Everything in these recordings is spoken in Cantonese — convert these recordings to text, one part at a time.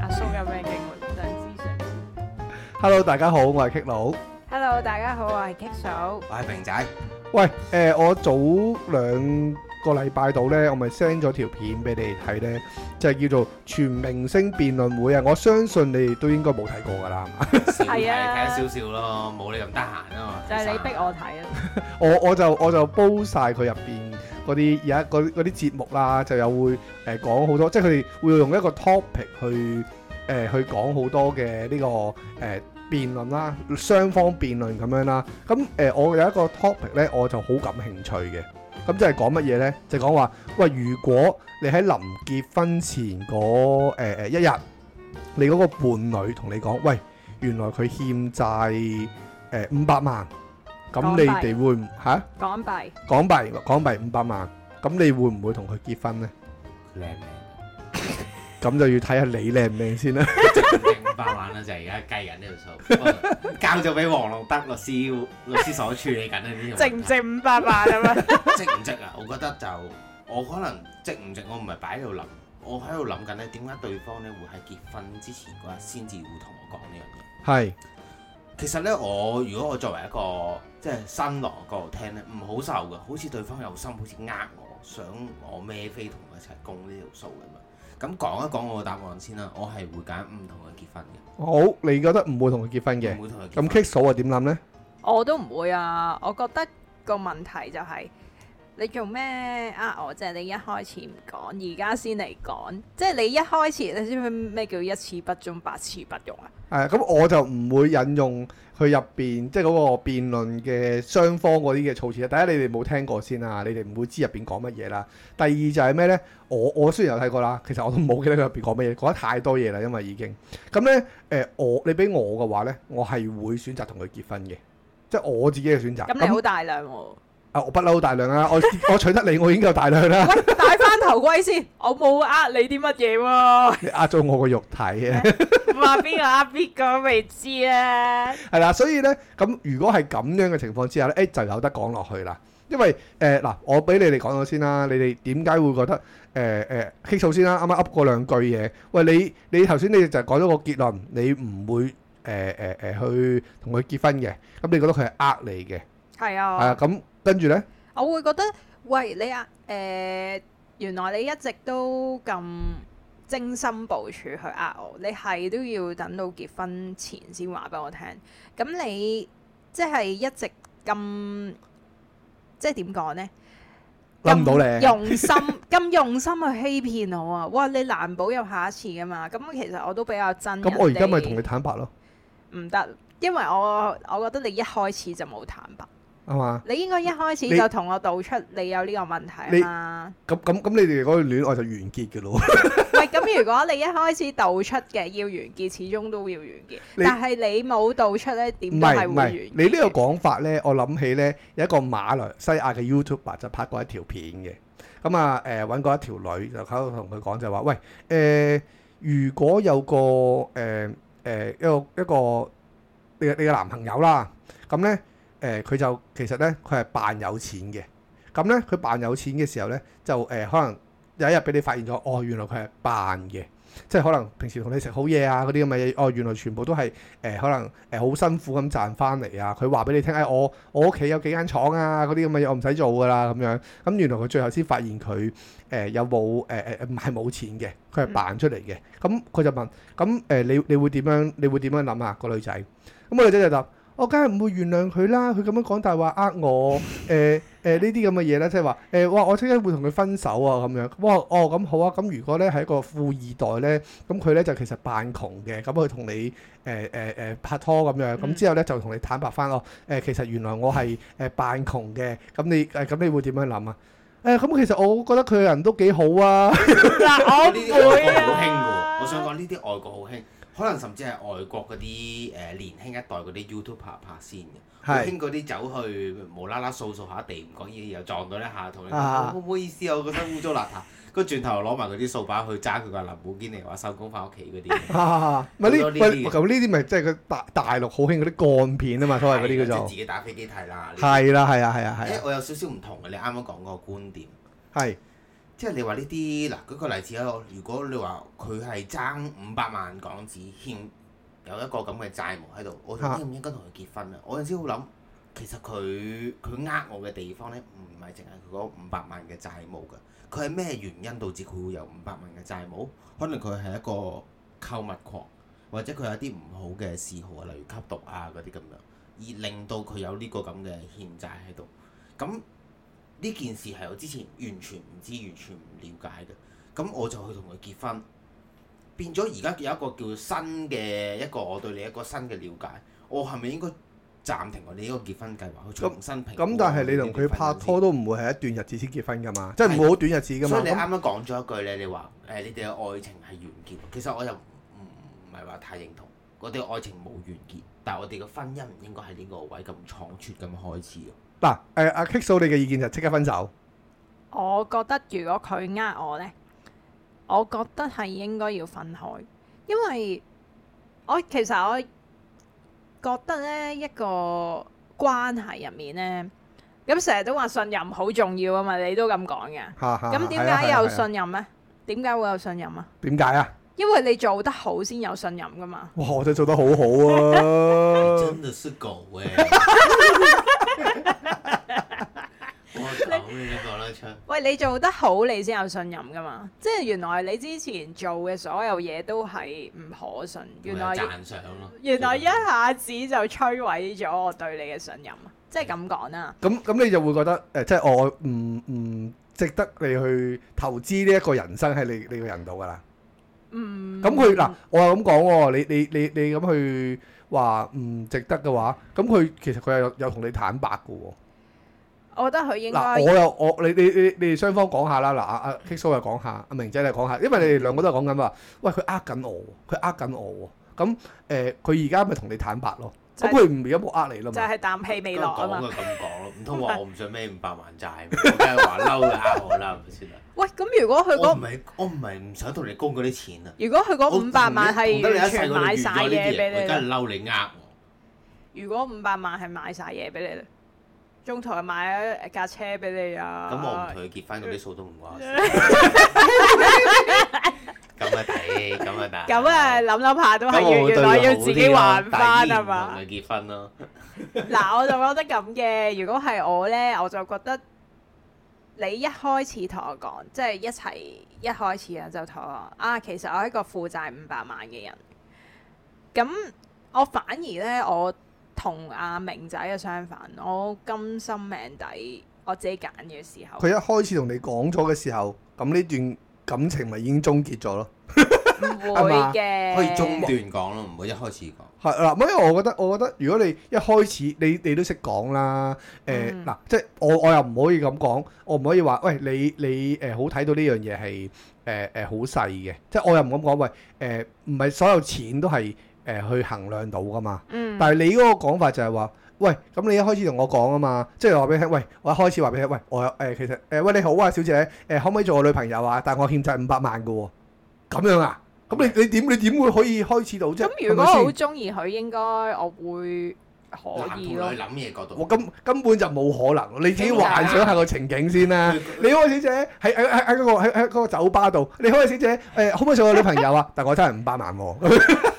阿蘇有咩經歷想諮詢。Hello，大家好，我係 K 佬。Hello，大家好，我係 K 嫂。我係平仔。喂，誒，我早兩個禮拜度咧，我咪 send 咗條片俾你哋睇咧，就係叫做全明星辯論會啊！我相信你哋都應該冇睇過噶啦，係啊，睇咗少少咯，冇你咁得閒啊嘛。就係你逼我睇啊！我我就我就煲晒佢入邊。嗰啲而家啲節目啦，就又會誒、呃、講好多，即係佢哋會用一個 topic 去誒、呃、去講好多嘅呢、這個誒、呃、辯論啦，雙方辯論咁樣啦。咁誒、呃，我有一個 topic 咧，我就好感興趣嘅。咁即係講乜嘢咧？就講話喂，如果你喺臨結婚前嗰誒、呃、一日，你嗰個伴侶同你講，喂，原來佢欠債誒五百萬。咁你哋會唔吓？港幣，港幣，港幣五百萬，咁你會唔會同佢結婚呢？靚唔靚？咁就要睇下你靚唔靚先啦。值唔值五百萬啊？就而家計緊呢條數，交咗俾黃龍德律師律師所處理緊啊呢條。值唔值五百萬啊？值唔值啊？我覺得就我可能值唔值，我唔係擺喺度諗，我喺度諗緊呢，點解對方呢會喺結婚之前嗰日先至會同我講呢樣嘢？係。其實咧，我如果我作為一個即係新郎嗰度聽咧，唔好受嘅，好似對方有心，好似呃我，想我孭飛同佢一齊供呢條數咁樣。咁講一講我嘅答案先啦，我係會揀唔同佢結婚嘅。好，你覺得唔會同佢結婚嘅？唔會同佢結婚。咁棘手啊？點諗呢？我都唔會啊！我覺得個問題就係，你做咩呃我？即係你一開始唔講，而家先嚟講，即係你一開始你知唔知咩叫一次不忠，百次不容啊？誒咁、嗯、我就唔會引用佢入邊即係嗰個辯論嘅雙方嗰啲嘅措辭啦。第一你哋冇聽過先啦，你哋唔會知入邊講乜嘢啦。第二就係咩呢？我我雖然有睇過啦，其實我都冇記得佢入邊講乜嘢，講得太多嘢啦，因為已經咁呢，誒、嗯嗯嗯。我你俾我嘅話呢，我係會選擇同佢結婚嘅，即、就、係、是、我自己嘅選擇。咁、嗯、你好大量喎，哦。啊！我不嬲大量啦，我我娶得你，我已經夠大量啦。戴翻頭盔先，我冇呃你啲乜嘢喎。你呃咗我個肉體，話邊個呃邊個未知咧？係啦，所以咧咁，如果係咁樣嘅情況之下咧，誒，就有得講落去啦。因為誒嗱，我俾你哋講咗先啦，你哋點解會覺得誒誒起訴，先啦，啱啱噏過兩句嘢。喂，你你頭先你就講咗個結論，你唔會誒誒誒去同佢結婚嘅。咁你覺得佢係呃你嘅？係啊，係啊，咁。跟住咧，呢我會覺得，喂，你啊，誒、呃，原來你一直都咁精心部署去呃我，你係都要等到結婚前先話俾我聽。咁你即係一直咁，即係點講呢？諗唔到你用心咁 用心去欺騙我啊！哇，你難保有下一次㗎嘛？咁其實我都比較真。咁我而家咪同你坦白咯。唔得，因為我我覺得你一開始就冇坦白。你應該一開始就同我道出你有呢個問題啊嘛！咁咁咁，你哋嗰個戀愛就完結嘅咯。咁如果你一開始道出嘅要完結，始終都要完結。你但係你冇道出呢點解會完結。你呢個講法呢，我諗起呢，有一個馬來西亞嘅 YouTuber 就拍過一條片嘅。咁啊誒，揾、呃、過一條女就喺度同佢講就話：，喂誒、呃，如果有個誒誒、呃呃、一個一個,一個你嘅男朋友啦，咁呢。誒佢、呃、就其實咧，佢係扮有錢嘅。咁咧，佢扮有錢嘅時候咧，就誒、呃、可能有一日俾你發現咗，哦，原來佢係扮嘅，即係可能平時同你食好嘢啊嗰啲咁嘅嘢，哦，原來全部都係誒、呃、可能誒好、呃、辛苦咁賺翻嚟啊。佢話俾你聽，誒、哎、我我屋企有幾間廠啊嗰啲咁嘅嘢，我唔使做㗎喇咁樣。咁、嗯嗯、原來佢最後先發現佢誒、呃、有冇誒誒唔係冇錢嘅，佢係扮出嚟嘅。咁、嗯、佢、嗯嗯、就問：咁誒你你會點樣？你會點樣諗啊？啊啊嗰個女仔。咁、啊啊嗰個女仔就答。我梗係唔會原諒佢啦，佢咁樣講大話呃我，誒誒呢啲咁嘅嘢咧，即係話誒，哇我即刻會同佢分手啊咁樣，哇哦，咁好啊，咁如果咧係一個富二代咧，咁佢咧就其實扮窮嘅，咁佢同你誒誒誒拍拖咁樣，咁之後咧就同你坦白翻咯，誒、哦呃、其實原來我係誒扮窮嘅，咁你誒咁、呃、你會點樣諗啊？誒、呃、咁其實我覺得佢個人都幾好啊，我唔會啊。嗱，我呢個好興嘅喎，我想講呢啲外國好興。可能甚至係外國嗰啲誒年輕一代嗰啲 YouTuber 拍拍先嘅，興嗰啲走去無啦啦掃掃下地，唔講嘢又撞到一下，同你講：唔好意思，我覺得污糟邋遢。跟住轉頭攞埋嗰啲掃把去揸佢個林寶堅尼嚟話收工翻屋企嗰啲嘢。呢？咁呢啲咪即係佢大大陸好興嗰啲幹片啊嘛，所謂嗰啲叫做。自己打飛機睇啦。係啦，係啊，係啊，係啊。我有少少唔同嘅，你啱啱講嗰個觀點。即係你話呢啲嗱，舉例子啊，如果你話佢係爭五百萬港紙欠有一個咁嘅債務喺度，我應唔應該同佢結婚啊？我有陣時會諗，其實佢佢呃我嘅地方咧，唔係淨係佢嗰五百萬嘅債務㗎，佢係咩原因導致佢會有五百萬嘅債務？可能佢係一個購物狂，或者佢有啲唔好嘅嗜好啊，例如吸毒啊嗰啲咁樣，而令到佢有呢個咁嘅欠債喺度，咁。呢件事係我之前完全唔知、完全唔了解嘅，咁我就去同佢結婚，變咗而家有一個叫新嘅一個我對你一個新嘅了解，我係咪應該暫停我哋呢個結婚計劃、嗯、去重新評？咁但係你同佢拍拖都唔會係一段日子先結婚噶嘛？即係唔會好短日子噶嘛？的嗯、所以你啱啱講咗一句咧，你話誒、呃、你哋嘅愛情係完結，其實我又唔唔係話太認同，我哋嘅愛情冇完結，但係我哋嘅婚姻唔應該喺呢個位咁倉促咁開始。嗱，誒，阿 Kisso 你嘅意見就即刻分手。我覺得如果佢呃我咧，我覺得係應該要分開，因為我其實我覺得咧一個關係入面咧，咁成日都話信任好重要啊嘛，你都咁講嘅，咁點解有信任咧？點解會有信任啊？點解啊？因為你做得好先有信任噶嘛。哇，我真係做得好好啊！你真的是狗喂。喂，你做得好，你先有信任噶嘛。即係原來你之前做嘅所有嘢都係唔可信。原來讚賞咯。原來一下子就摧毀咗我對你嘅信任，的即係咁講啦。咁咁，你就會覺得誒、呃，即係我唔唔值得你去投資呢一個人生喺你你個人度噶、嗯、啦。嗯。咁佢嗱，我就咁講，你你你你咁去話唔值得嘅話，咁佢其實佢係有同你坦白噶、哦。我覺得佢應該嗱，我又我你你你你哋雙方講下啦，嗱、啊、阿阿 Kiko、so、又講下，阿、啊、明仔你講下，因為你哋兩個都係講緊話。喂，佢呃緊我，佢、嗯、呃緊我喎。咁誒，佢而家咪同你坦白咯。咁佢唔而家冇呃你咯就係、是、啖、就是、氣未落咁講就咁講咯，唔通話我唔 想孭五百萬債，梗係話嬲佢呃我啦，先啊？ 喂，咁如果佢講唔係，我唔係唔想同你供嗰啲錢啊。 如果佢講五百萬係完全買晒嘢俾你，梗係嬲你呃我，我。如果五百萬係買晒嘢俾你。中途買咗一架車俾你啊！咁、嗯嗯、我唔同佢結婚，嗰啲數都唔關事。咁啊睇，咁啊但。咁啊，諗諗下都係要，原、啊、來，越來越要自己還翻啊嘛？同佢結婚咯、啊。嗱， 我就覺得咁嘅。如果係我咧，我就覺得你一開始同我講，即、就、係、是、一齊一開始啊，就同我啊，其實我係一個負債五百萬嘅人。咁我反而咧，我。同阿明仔嘅相反，我甘心命底。我自己揀嘅時候。佢一開始同你講咗嘅時候，咁呢段感情咪已經終結咗咯？唔 會嘅 吧，可以中斷講咯，唔好一開始講。係嗱，因為我覺得，我覺得如果你一開始你你都識講、呃嗯、啦，誒，嗱、呃呃呃，即係我我又唔可以咁講，我唔可以話喂你你誒好睇到呢樣嘢係誒誒好細嘅，即係我又唔敢講喂，誒唔係所有錢都係。誒、呃、去衡量到㗎嘛？嗯。但係你嗰個講法就係話：喂，咁你一開始同我講啊嘛，即係話俾你聽。喂，我一開始話俾你聽。喂，我誒、欸、其實誒喂、呃、你好啊，小姐誒、呃、可唔可以做我女朋友啊？但係我欠債五百萬嘅喎、哦，咁樣啊？咁你你點你點會可以開始到啫？咁、嗯啊、如果好中意佢，應該我會可以咯。男諗嘢角度，我根根本就冇可能。你自己幻想一下一個情景先啦、啊 那個。你好，小姐，喺喺喺嗰個喺喺嗰個酒吧度。你好，小姐，誒可唔可以做我女朋友啊？ 但係我真係五百萬喎、哦。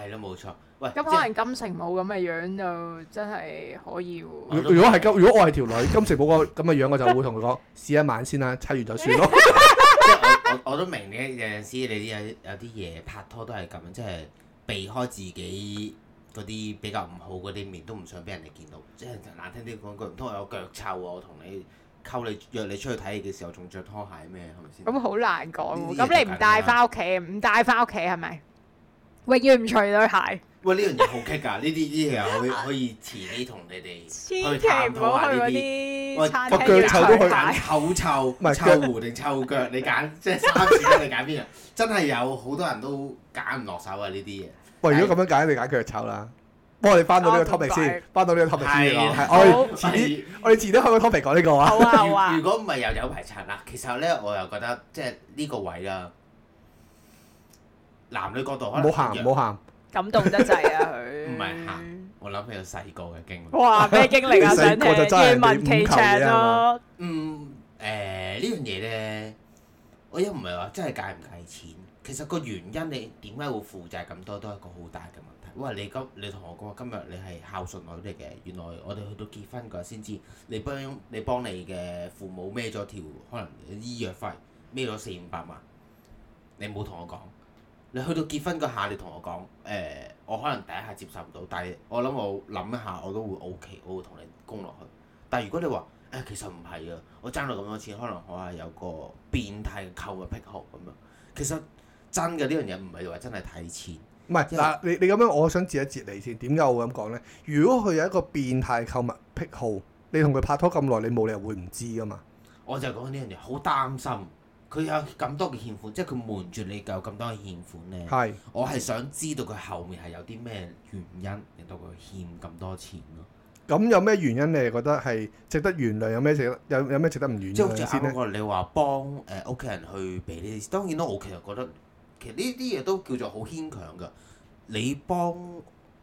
係咯，冇錯。咁可能金城武咁嘅樣就即真係可以喎。如果係金，如果我係條女，金城武個咁嘅樣,樣，我就會同佢講試一晚先啦，測完就算咯 我都明咧，有陣時你有有啲嘢拍拖都係咁樣，即係避開自己嗰啲比較唔好嗰啲面，都唔想俾人哋見到。即係難聽啲講句，唔通我有腳臭喎？我同你溝你約你出去睇戲嘅時候，仲着拖鞋咩？係咪先？咁好難講喎。咁你唔帶翻屋企，唔帶翻屋企係咪？是永遠唔除女鞋。喂，呢樣嘢好棘噶，呢啲啲嘢可以可以遲啲同你哋去探討下呢啲。我腳臭定牙臭臭？唔係臭狐定臭腳？你揀，即係三次，你揀邊樣？真係有好多人都揀唔落手啊！呢啲嘢。喂，如果咁樣揀，你揀腳臭啦。不過你翻到呢個 topic 先，翻到呢個 topic 先。我哋遲啲，我哋遲啲開個 topic 講呢個啊。好啊！如果唔係又有排擦啦。其實咧，我又覺得即係呢個位啦。男女角度，冇喊冇喊，的感動得滯啊！佢唔係喊，我諗起細個嘅經歷。哇！ 咩經歷啊？想個就真問 K 張咯。嗯、呃、呢樣嘢咧，我又唔係話真係計唔計錢，其實個原因你點解會負債咁多，都係一個好大嘅問題。喂！你今你同我講話今日你係孝順女嚟嘅，原來我哋去到結婚嗰先知，你幫你幫你嘅父母孭咗條可能醫藥費孭咗四五百萬，你冇同我講。你去到結婚個下，你同我講，誒、呃，我可能第一下接受唔到，但係我諗我諗一下我都會 OK，我會同你供落去。但係如果你話，誒、哎，其實唔係啊，我掙到咁多錢，可能我係有個變態購物癖好咁樣。其實真嘅呢樣嘢唔係話真係睇錢，唔係嗱，你你咁樣，我想截一截你先。點解我會咁講呢？如果佢有一個變態購物癖好，你同佢拍拖咁耐，你冇理由會唔知噶嘛？我就係講呢樣嘢，好擔心。佢有咁多嘅欠款，即係佢瞞住你有咁多嘅欠款呢係，是我係想知道佢後面係有啲咩原因令到佢欠咁多錢咯。咁有咩原因你係覺得係值得原諒？有咩值有有咩值得唔原？即係好似啱啱你話幫誒屋企人去俾呢啲，當然啦，我其實覺得其實呢啲嘢都叫做好牽強㗎。你幫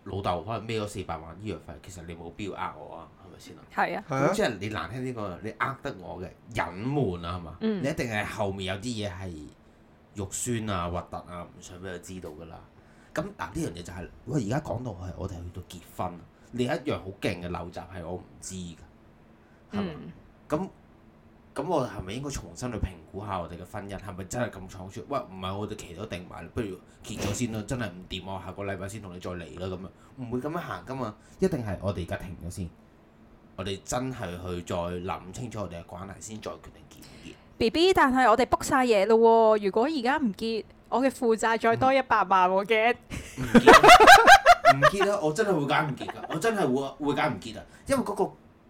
老豆可能孭咗四百萬醫藥費，其實你冇必要呃我啊，係咪先啊？係啊，咁即係你難聽啲講，你呃得我嘅隱瞞啊，係嘛？嗯，你一定係後面有啲嘢係肉酸啊、核突啊，唔想俾佢知道㗎啦。咁嗱，呢樣嘢就係，喂，而家講到係我哋去到結婚，你一樣好勁嘅陋習係我唔知㗎，係嘛？咁、嗯。咁我係咪應該重新去評估下我哋嘅婚姻係咪真係咁倉促？喂，唔係我哋期到定埋，不如結咗先咯，真係唔掂我下個禮拜先同你再嚟啦咁樣，唔會咁樣行噶嘛，一定係我哋而家停咗先，我哋真係去再諗清楚我哋嘅關係先，再，再決定結唔結。B B，但係我哋 book 晒嘢咯，如果而家唔結，我嘅負債再多一百萬我嘅……唔結啊！我真係會揀唔結噶，我真係會會揀唔結啊，因為嗰、嗰個。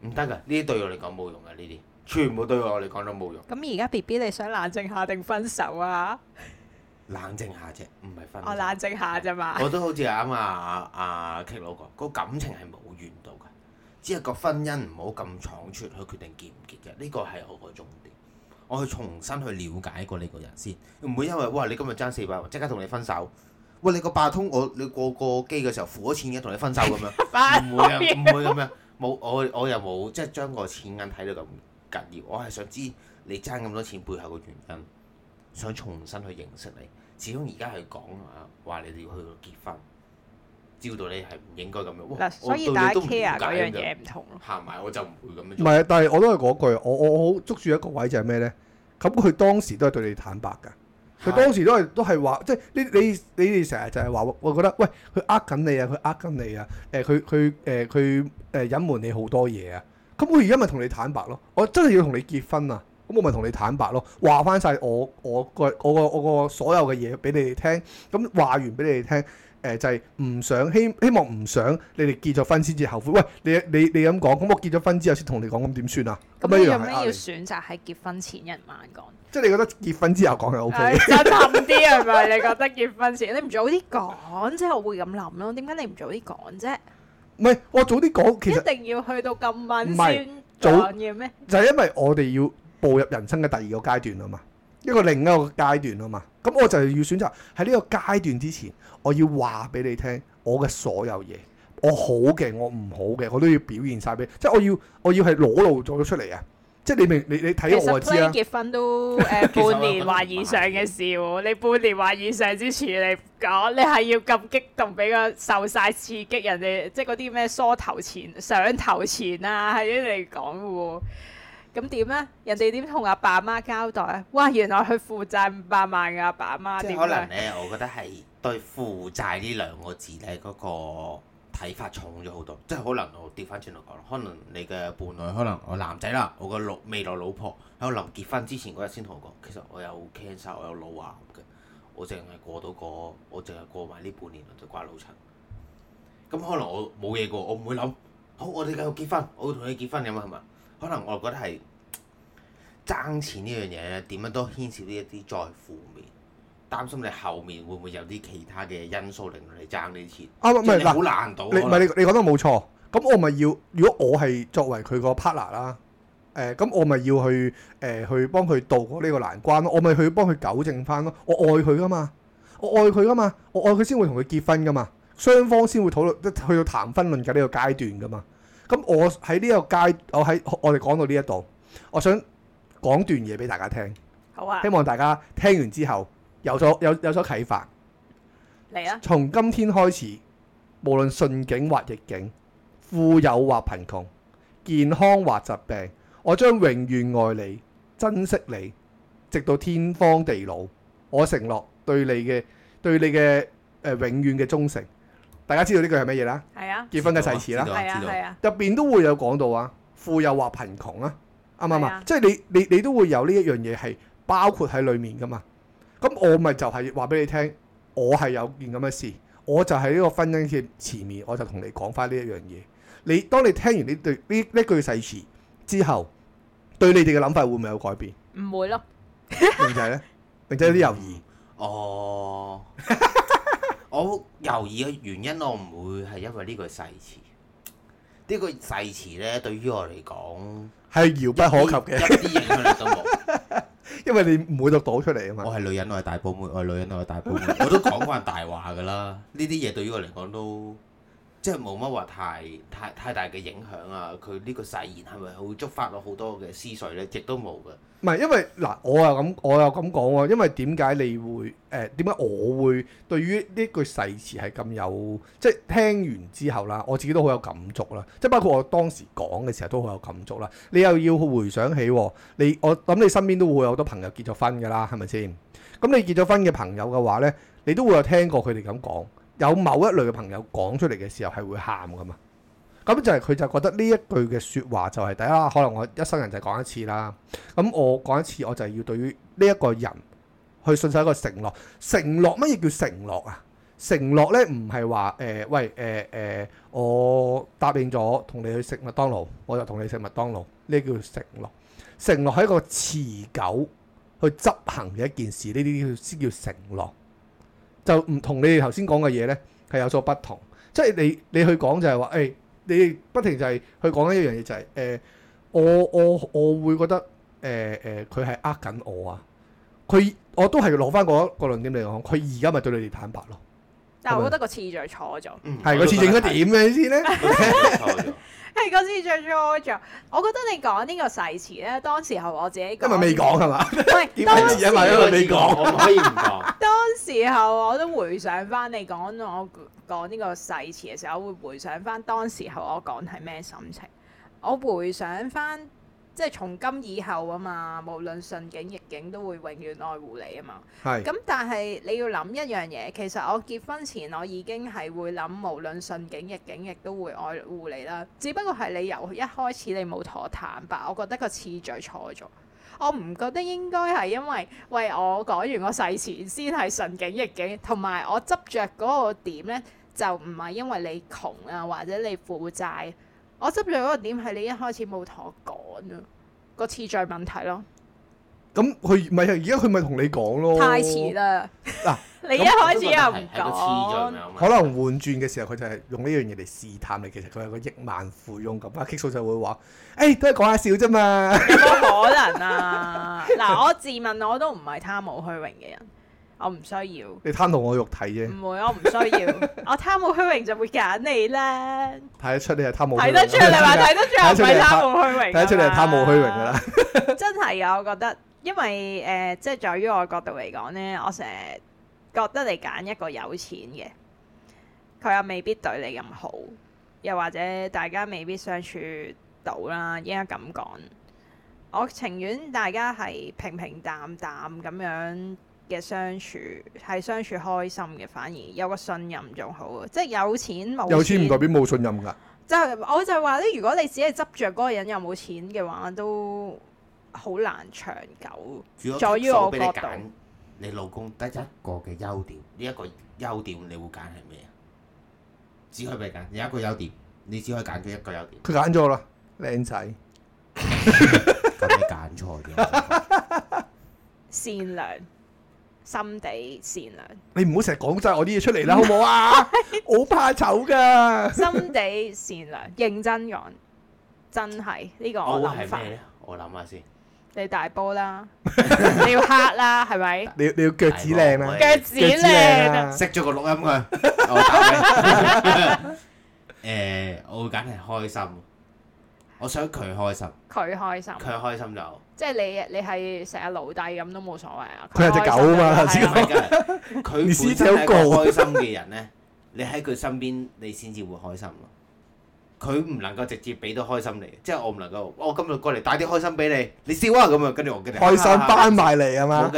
唔得噶，呢啲對我嚟講冇用噶，呢啲全部對我嚟講都冇用。咁而家 B B，你想冷靜下定分手啊？冷靜下啫，唔係分手。我冷靜下啫嘛。我都好似啱阿阿 K 佬講，個、啊、感情係冇怨到噶，只係個婚姻唔好咁闖出去決定結唔結嘅，呢個係我個重點。我去重新去了解過呢個人先，唔會因為哇你今日爭四百，即刻同你分手。喂，你個八達通我你過過機嘅時候付咗錢嘅，同你分手咁樣，唔 會啊，唔會咁樣。 冇，我我又冇，即係將個錢銀睇到咁緊要，我係想知你掙咁多錢背後嘅原因，想重新去認識你。始終而家係講啊，話你哋要去結婚，照到你係唔應該咁樣。所以大家 care 嗰樣嘢唔同咯。行埋我就唔會咁樣。唔係，但係我都係嗰句，我我好捉住一個位就係咩咧？咁佢當時都係對你坦白㗎。佢當時都係都係話，即係你你你哋成日就係話，我覺得喂，佢呃緊你啊，佢呃緊你啊，誒、呃，佢佢誒佢誒隱瞞你好多嘢啊，咁我而家咪同你坦白咯，我真係要同你結婚啊，咁我咪同你坦白咯，話翻晒我我個我個我個所有嘅嘢俾你哋聽，咁話完俾你哋聽。誒就係唔想希希望唔想你哋結咗婚先至後悔。喂，你你你咁講，咁我結咗婚之後先同你講，咁點算啊？咁一樣咁有咩要選擇喺結婚前一晚講？即係你覺得結婚之後講係 O K？震撼啲係咪？ 你覺得結婚前你唔早啲講，即係我會咁諗咯。點解你唔早啲講啫？唔係我早啲講，其實一定要去到咁晚先講嘅咩？ 就係因為我哋要步入人生嘅第二個階段啊嘛，一個另一個階段啊嘛。咁我就要選擇喺呢個階段之前。我要話俾你聽，我嘅所有嘢，我好嘅，我唔好嘅，我都要表現曬俾，即係我要，我要係裸露咗出嚟啊！即係你明，你你睇我知啦。其實 plan 結婚都誒、呃、 半年或以上嘅事喎， 你半年或以上之前嚟講，你係要咁激動俾個受晒刺激人哋，即係嗰啲咩梳頭錢、上頭錢啊，係啲嚟講喎。咁點咧？人哋點同阿爸媽交代啊？哇！原來佢負債五百萬嘅阿爸阿媽，即係可能咧，我覺得係。對負債呢兩個字咧，嗰個睇法重咗好多。即係可能我掉翻轉頭講，可能你嘅伴侶，可能我男仔啦，我個老未來老婆喺我臨結婚之前嗰日先同我講，其實我有 cancer，我有腦癌嘅，我淨係過到個，我淨係過埋呢半年就瓜老襯。咁可能我冇嘢過，我唔會諗，好，我哋繼續結婚，我會同你結婚嘅嘛係咪？可能我覺得係爭錢呢樣嘢咧，點樣都牽涉呢一啲再負面。擔心你後面會唔會有啲其他嘅因素令到你爭呢啲錢啊！唔係好難度，你唔係你你講得冇錯咁，我咪要。如果我係作為佢個 partner 啦、呃，誒咁我咪要去誒、呃、去幫佢渡過呢個難關咯。我咪去幫佢糾正返咯。我愛佢㗎嘛，我愛佢㗎嘛，我愛佢先會同佢結婚㗎嘛。雙方先會討論，即係去到談婚論嫁呢個階段㗎嘛。咁我喺呢個階，我喺我哋講到呢一度，我想講段嘢俾大家聽。好啊，希望大家聽完之後。有咗有有咗啟發嚟從今天開始，無論順境或逆境，富有或貧窮，健康或疾病，我將永遠愛你、珍惜你，直到天荒地老。我承諾對你嘅對你嘅、呃、永遠嘅忠誠。大家知道呢句係乜嘢啦？係啊，結婚嘅誓詞啦，係啊係啊，入邊都會有講到啊，富有或貧窮啊，啱唔啱？即係、啊就是、你你，你都會有呢一樣嘢係包括喺裡面噶嘛？咁我咪就係話俾你聽，我係有件咁嘅事，我就喺呢個婚姻嘅前面，我就同你講翻呢一樣嘢。你當你聽完呢對呢一句誓詞之後，對你哋嘅諗法會唔會有改變？唔會咯。定係咧，定係有啲猶豫？哦，我猶豫嘅原因，我唔會係因為呢句誓詞。呢句誓詞咧，對於我嚟講係遙不可及嘅，一啲影響力都冇。因為你唔會就倒出嚟啊嘛！我係女人，我係大寶妹，我係女人，我係大寶妹。 我都講翻大話噶啦，呢啲嘢對於我嚟講都即係冇乜話太太太大嘅影響啊！佢呢個誓言係咪會觸發到好多嘅思緒呢？亦都冇噶。唔係，因為嗱，我又咁，我又咁講喎。因為點解你會誒點解我會對於呢句誓詞係咁有，即係聽完之後啦，我自己都好有感觸啦。即係包括我當時講嘅時候都好有感觸啦。你又要回想起你，我諗你身邊都會有好多朋友結咗婚㗎啦，係咪先？咁你結咗婚嘅朋友嘅話咧，你都會有聽過佢哋咁講，有某一類嘅朋友講出嚟嘅時候係會喊㗎嘛？咁、嗯、就係、是、佢就覺得呢一句嘅説話就係第一，可能我一生人就係講一次啦。咁、嗯、我講一次，我就要對於呢一個人去信守一個承諾。承諾乜嘢叫承諾啊？承諾咧，唔係話誒喂誒誒、呃呃，我答應咗同你去食麥當勞，我就同你食麥當勞，呢叫承諾。承諾係一個持久去執行嘅一件事，呢啲叫先叫承諾。就唔同你哋頭先講嘅嘢咧，係有所不同。即係你你去講就係話誒。欸你不停就係去講一樣嘢就係、是、誒、呃，我我我會覺得誒誒佢係呃緊、呃、我啊！佢我都係攞翻個個論點嚟講，佢而家咪對你哋坦白咯。但係我覺得個次序錯咗。係，個次序應該點嘅先咧？係是個次序錯咗。我覺得你講呢個誓詞咧，當時候我自己咁咪未講係嘛？唔係，因為未講，可以唔講。 當時候我都回想翻你講咗我。講呢個誓詞嘅時候，我會回想翻當時候我講係咩心情。我回想翻，即係從今以後啊嘛，無論順境逆境都會永遠愛護你啊嘛。係是。咁但係你要諗一樣嘢，其實我結婚前我已經係會諗，無論順境逆境亦都會愛護你啦。只不過係你由一開始你冇同我坦白，我覺得個次序錯咗。我唔覺得應該係因為喂，我講完個誓詞先係順境逆境。同埋我執着嗰個點咧，就唔係因為你窮啊，或者你負債。我執着嗰個點係你一開始冇同我講啊，個次序問題咯。咁佢唔係而家佢咪同你講咯？太遲啦！嗱、啊，你一開始又唔講，啊、 了可能換轉嘅時候佢就係用呢樣嘢嚟試探你。其實佢係個億萬富翁咁阿 k 叔就會話，誒、欸、都係講下笑啫嘛。冇可能啊！嗱，我自問我都唔係貪慕虛榮嘅人，我唔需要。你貪同我肉體啫？唔會，我唔需要。 我貪慕虛榮就會揀你啦。睇得出你係貪慕虛榮，睇得出你話睇得出我係貪慕虛榮，睇得出你係貪慕虛榮㗎啦。真係啊，我覺得。因為誒、呃，即係在於我角度嚟講呢，我成日覺得你揀一個有錢嘅，佢又未必對你咁好，又或者大家未必相處到啦。應該咁講，我情願大家係平平淡淡咁樣嘅相處，係相處開心嘅，反而有個信任仲好。即係有錢冇，有錢唔代表冇信任㗎。就係我就話咧，如果你只係執着嗰個人有冇錢嘅話，都，好難長久。主要在於我角度，你老公得一個嘅優點，呢一個優點你會揀係咩啊？只可以揀有一個優點，你只可以揀佢一個優點。佢揀咗啦，靚仔。咁你揀錯咗。善良，心地善良。你唔好成日講晒我啲嘢出嚟啦，好唔好啊？好怕醜噶。心地善良，認真講，真係呢個我諗我諗下先。你大波啦，你要黑啦，係咪？你要你要腳趾靚啊，腳趾靚啊！識咗個錄音啊！誒，我會梗係開心，我想佢開心，佢開心，佢開心就即係你你係成日奴隸咁都冇所謂啊！佢係隻狗啊嘛，知唔知啊？佢本身係個開心嘅人咧，你喺佢身邊你先至會開心咯。佢唔能夠直接俾到開心你，即係我唔能夠，我今日過嚟帶啲開心俾你，你笑啊咁啊！跟住我覺得開心搬埋嚟啊嘛。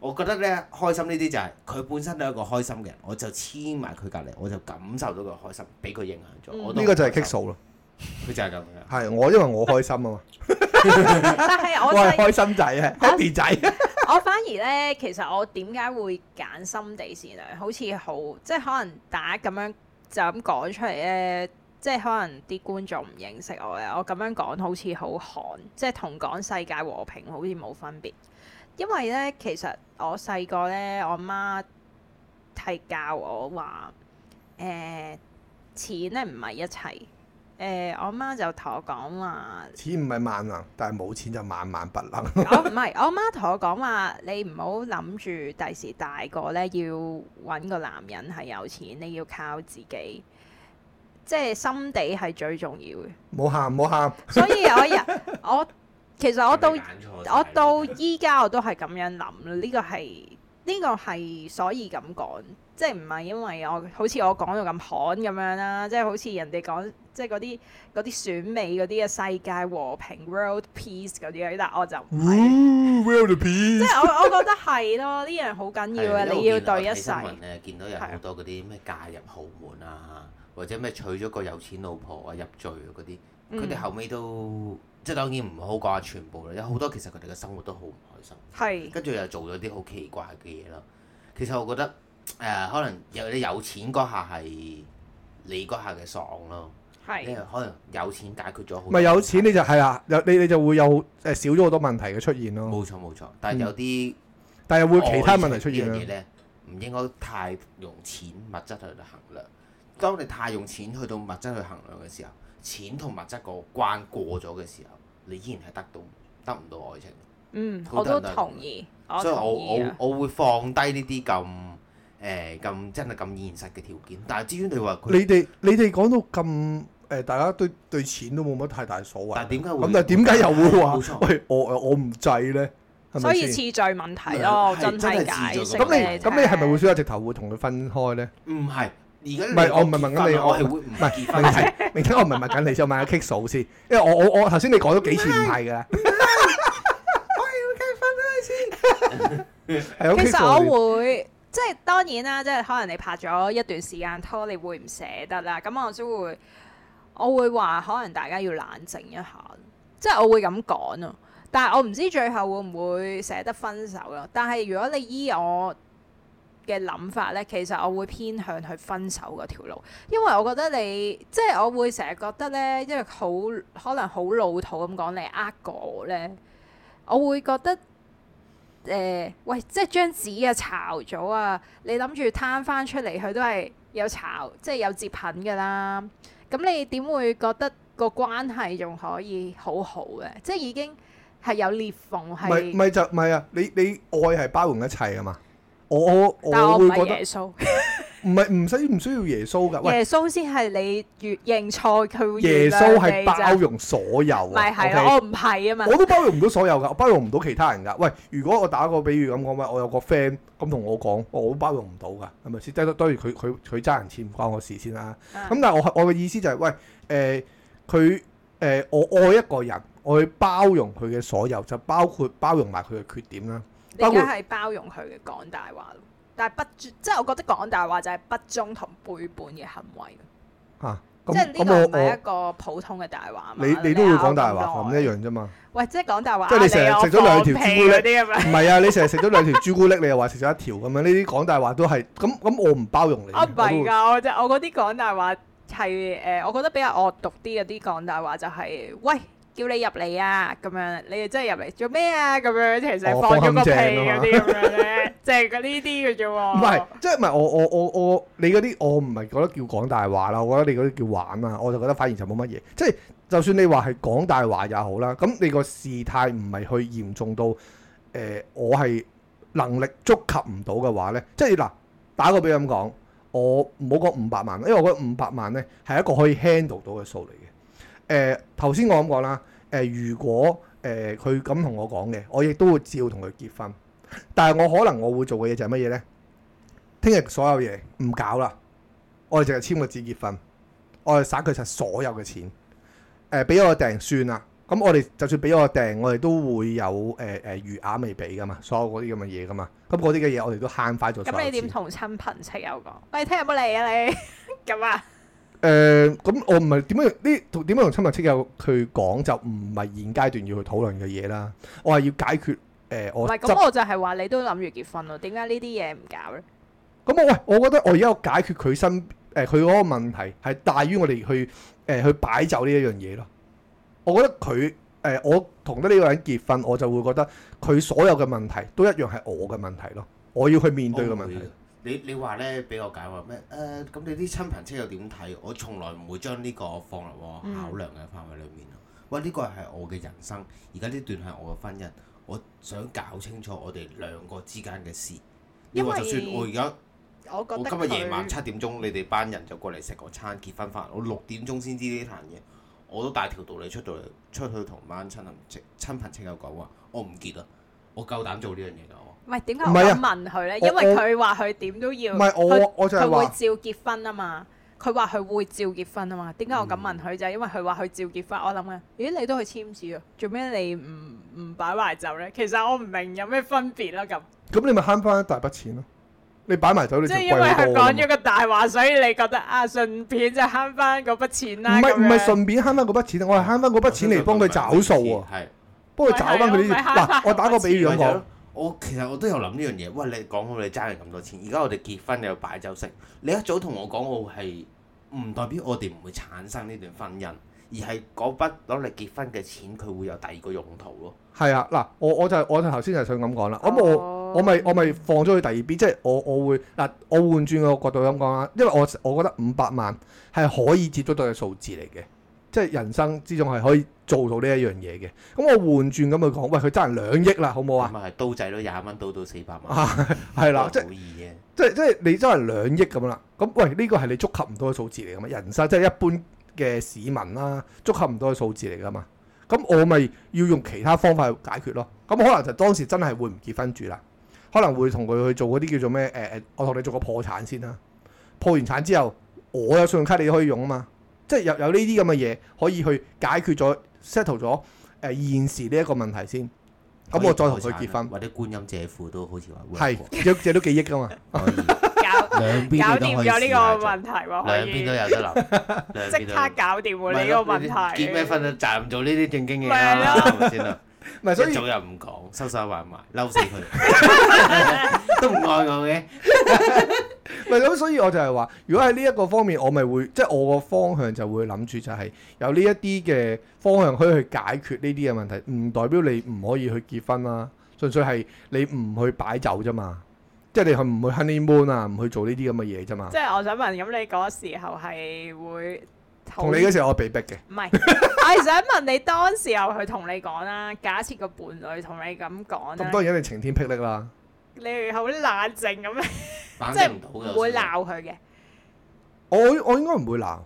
我覺得咧開心呢啲就係佢本身都係一個開心嘅人，我就黐埋佢隔離，我就感受到佢開心，俾佢影響咗。呢個就係 Kick 數咯。佢就係咁樣。係我因為我開心啊嘛。但係我係開心仔啊，happy 仔。我反而咧，其實我點解會揀心地善良，好似好即係可能大家咁樣就咁講出嚟咧。即係可能啲觀眾唔認識我咧，我咁樣講好似好寒，即係同講世界和平好似冇分別。因為咧，其實我細個咧，我媽係教我話：誒、欸、錢咧唔係一切。誒、欸、我媽就同我講話，錢唔係萬能，但係冇錢就萬萬不能。我唔係，我媽同我講話，你唔好諗住第時大個咧要搵個男人係有錢，你要靠自己。即係心地係最重要嘅，冇喊冇喊。所以我人 我其實我到 我到依家我都係咁樣諗呢、呢個係呢、呢個係所以咁講、啊、講，即係唔係因為我好似我講到咁寒咁樣啦，即係好似人哋講即係嗰啲嗰啲選美嗰啲嘅世界和平 （world peace） 嗰啲，但我就 Woo，world peace， 即係我我覺得係咯，呢樣好緊要嘅，你要對一世。見到有好多嗰啲咩嫁入豪門啊～或者咩娶咗個有錢老婆啊入罪嗰啲，佢哋、嗯、後尾都即係當然唔好講下全部啦，有好多其實佢哋嘅生活都好唔開心，是跟住又做咗啲好奇怪嘅嘢咯。其實我覺得誒、呃，可能有啲有錢嗰下係你嗰下嘅爽咯，係是可能有錢解決咗好多問題。咪有錢你就係啦、啊，有你你就會有誒少咗好多問題嘅出現咯。冇錯冇錯，但係有啲、嗯，但係會有其他問題出現嘅嘢呢。唔應該太用錢物質去衡量。當你太用錢去到物質去衡量嘅時候，錢同物質個關過咗嘅時候，你依然係得到得唔到愛情？嗯，我都同意，所以我我我會放低呢啲咁誒咁真係咁現實嘅條件。但係至於你話佢你哋你哋講到咁誒，大家對對錢都冇乜太大所謂。但係點解會？咁但係點解又會話？冇錯，我誒我唔制咧。所以次序問題咯，真係嘅。咁你咁你係咪會需要直頭會同佢分開咧？唔係。唔係，我唔係問緊你，我係會唔結婚啫？明仔 我唔係問緊你，我問下 Kiko 先，因為我我我頭先你講咗幾次唔係㗎啦， 我要結婚啦先。 其實我會即係當然啦，即係可能你拍咗一段時間拖，你會唔捨得啦。咁我先會，我會話可能大家要冷靜一下，即係我會咁講咯。但係我唔知最後會唔會捨得分手咯。但係如果你依我，嘅諗法呢，其實我會偏向去分手嗰條路，因為我覺得你即係我會成日覺得呢，因為好可能好老土咁講，你呃過我呢，我會覺得、呃、喂，即係張紙啊，巢咗啊，你諗住攤翻出嚟，佢都係有巢，即係有摺痕噶啦。咁你點會覺得個關係仲可以好好嘅？即係已經係有裂縫係。唔係就唔係啊！你你愛係包容一切啊嘛～我我我會覺得唔係唔使，唔 需，需要耶穌噶，耶穌先係你越認錯佢。耶穌係包容所有，啊，係係 okay? 我唔係啊嘛，我都包容唔到所有噶， 我包容唔到其他人噶。喂，如果我打個比喻咁講，喂，我有個 friend 咁同我講，我包容唔到噶，係咪先？即係當然佢佢佢爭人錢唔關我事先啦，啊。咁、嗯嗯，但係我我嘅意思就係，是，喂，誒佢誒我愛一個人，我去包容佢嘅所有，就包括包容埋佢嘅缺點啦。你而家係包容佢嘅講大話，但係不即係我覺得講大話就係不忠同背叛嘅行為。嚇、啊，嗯、即係呢個唔係一個普通嘅、啊嗯、大話，你你都會講大話，咁一樣啫嘛。喂，即係講大話，即係你成日食咗兩條朱古力，唔係 啊？你成日食咗兩條朱古力，你又話食咗一條咁樣，呢啲講大話都係咁咁，我唔包容你。啊、oh my 都，唔係㗎，我就我嗰啲講大話係誒、呃，我覺得比較惡毒啲嗰啲講大話就係、是、喂。叫你入嚟啊，咁樣你又真係入嚟做咩啊？咁樣其實放咁個屁啲咁樣咧，即係呢啲嘅啫喎。唔係，即係唔係我我我我你嗰啲我唔係覺得叫講大話啦，我覺得你嗰啲叫玩啊，我就覺得反而就冇乜嘢。即係就算你話係講大話也好啦，咁你個事態唔係去嚴重到誒、呃，我係能力觸及唔到嘅話咧，即係嗱打個比喻咁講，我唔好講五百萬，因為我覺得五百萬咧係一個可以 handle 到嘅數嚟嘅。誒頭先我咁講啦，誒、呃、如果誒佢咁同我講嘅，我亦都會照同佢結婚。但係我可能我會做嘅嘢就係乜嘢呢？聽日所有嘢唔搞啦，我哋淨係簽個字結婚，我哋省佢曬所有嘅錢。誒、呃、俾我訂算啦，咁我哋就算俾我訂，我哋都會有誒誒餘額未俾噶嘛，所有嗰啲咁嘅嘢噶嘛，咁嗰啲嘅嘢我哋都慳快咗。咁你點同親朋戚友講？喂，聽日冇嚟啊你？咁啊！ 誒咁、呃、我唔係點樣呢？點樣同親密戚友去講就唔係現階段要去討論嘅嘢啦。我係要解決誒、呃、我唔係咁我就係話你都諗住結婚咯？點解呢啲嘢唔搞咧？咁我喂，我覺得我而家解決佢身誒佢嗰個問題係大於我哋去誒、呃、去擺酒呢一樣嘢咯。我覺得佢誒、呃、我同得呢個人結婚，我就會覺得佢所有嘅問題都一樣係我嘅問題咯。我要去面對嘅問題。嗯嗯嗯。你你話咧俾我解話咩？誒、呃、咁你啲親朋戚友點睇？我從來唔會將呢個放入我考量嘅範圍裡面啊！喂，呢個係我嘅人生，而家呢段係我嘅婚姻，我想搞清楚我哋兩個之間嘅事。因為就算我而家我，我今日夜晚七點鐘，你哋班人就過嚟食個餐結婚飯，我六點鐘先知呢單嘢，我都大條道理出到嚟，出去同班親朋戚親朋戚友講話，我唔結啦，我夠膽做呢樣嘢。唔係，點解我問佢咧？因為佢話佢點都要，唔係我，我就係話佢會照結婚啊嘛。佢話佢會照結婚啊嘛。點解我咁問佢就係因為佢話佢照結婚。我諗啊，咦，你都去簽字啊？做咩你唔唔擺埋走咧？其實我唔明有咩分別啦咁。咁你咪慳翻一大筆錢咯？你擺埋走你。即係因為佢講咗個大話，所以你覺得啊，順便就慳翻嗰筆錢啦。唔係唔係，順便慳翻嗰筆錢，我係慳翻嗰筆錢嚟幫佢找數喎。係幫佢找翻佢啲。嗱，我打個比喻講。我其實我都有諗呢樣嘢。喂，你講好你爭人咁多錢，而家我哋結婚又擺酒食。你一早同我講，我係唔代表我哋唔會產生呢段婚姻，而係嗰筆攞嚟結婚嘅錢佢會有第二個用途咯。係啊，嗱我我就，我頭先就想咁講啦，咁我我咪我咪放咗去第二邊，即係我我會，嗱我換轉個角度咁講啦，因為我我覺得五百萬係可以接觸到嘅數字嚟嘅。即係人生之中係可以做到呢一樣嘢嘅，咁我換轉咁去講，喂，佢真爭兩億啦，好唔好啊？咪係刀仔都廿蚊，刀到四百萬。係啦 是，即係即係即即你真爭兩億咁啦，咁喂呢個係你觸及唔到嘅數字嚟㗎嘛？人生即係一般嘅市民啦，觸及唔到嘅數字嚟㗎嘛。咁我咪要用其他方法去解決咯。咁可能就當時真係會唔結婚住啦，可能會同佢去做嗰啲叫做咩？誒、呃、誒，我同你做個破產先啦。破完產之後，我有信用卡你可以用啊嘛。即係有有呢啲咁嘅嘢可以去解決咗 settle 咗誒現時呢一個問題先，咁我再同佢結婚，或者觀音借庫都好似話係有借都幾億噶嘛，搞兩邊都可以呢個問題喎，可以兩邊都有得諗，即刻搞掂呢個問題，結咩婚啊？暫做呢啲正經嘢啦，係咪先啊？唔係所以早又唔講，收收埋埋，嬲死佢，都唔愛我嘅。咪咁， 所以我就係話，如果喺呢一個方面，我咪會即係、就係、我個方向就會諗住就係有呢一啲嘅方向可以去解決呢啲嘅問題。唔代表你唔可以去結婚啦、啊，純粹係你唔去擺酒啫嘛，即係你係唔去 honeymoon 啊，唔去做呢啲咁嘅嘢啫嘛。即係我想問，咁你嗰時候係會同你嗰時候我被逼嘅是，唔係我係想問你當時候去同你講啦、啊，假設個伴侶同你咁講咁當然一定晴天霹靂啦，你好冷靜咁樣？即係唔會鬧佢嘅。我我應該唔會鬧，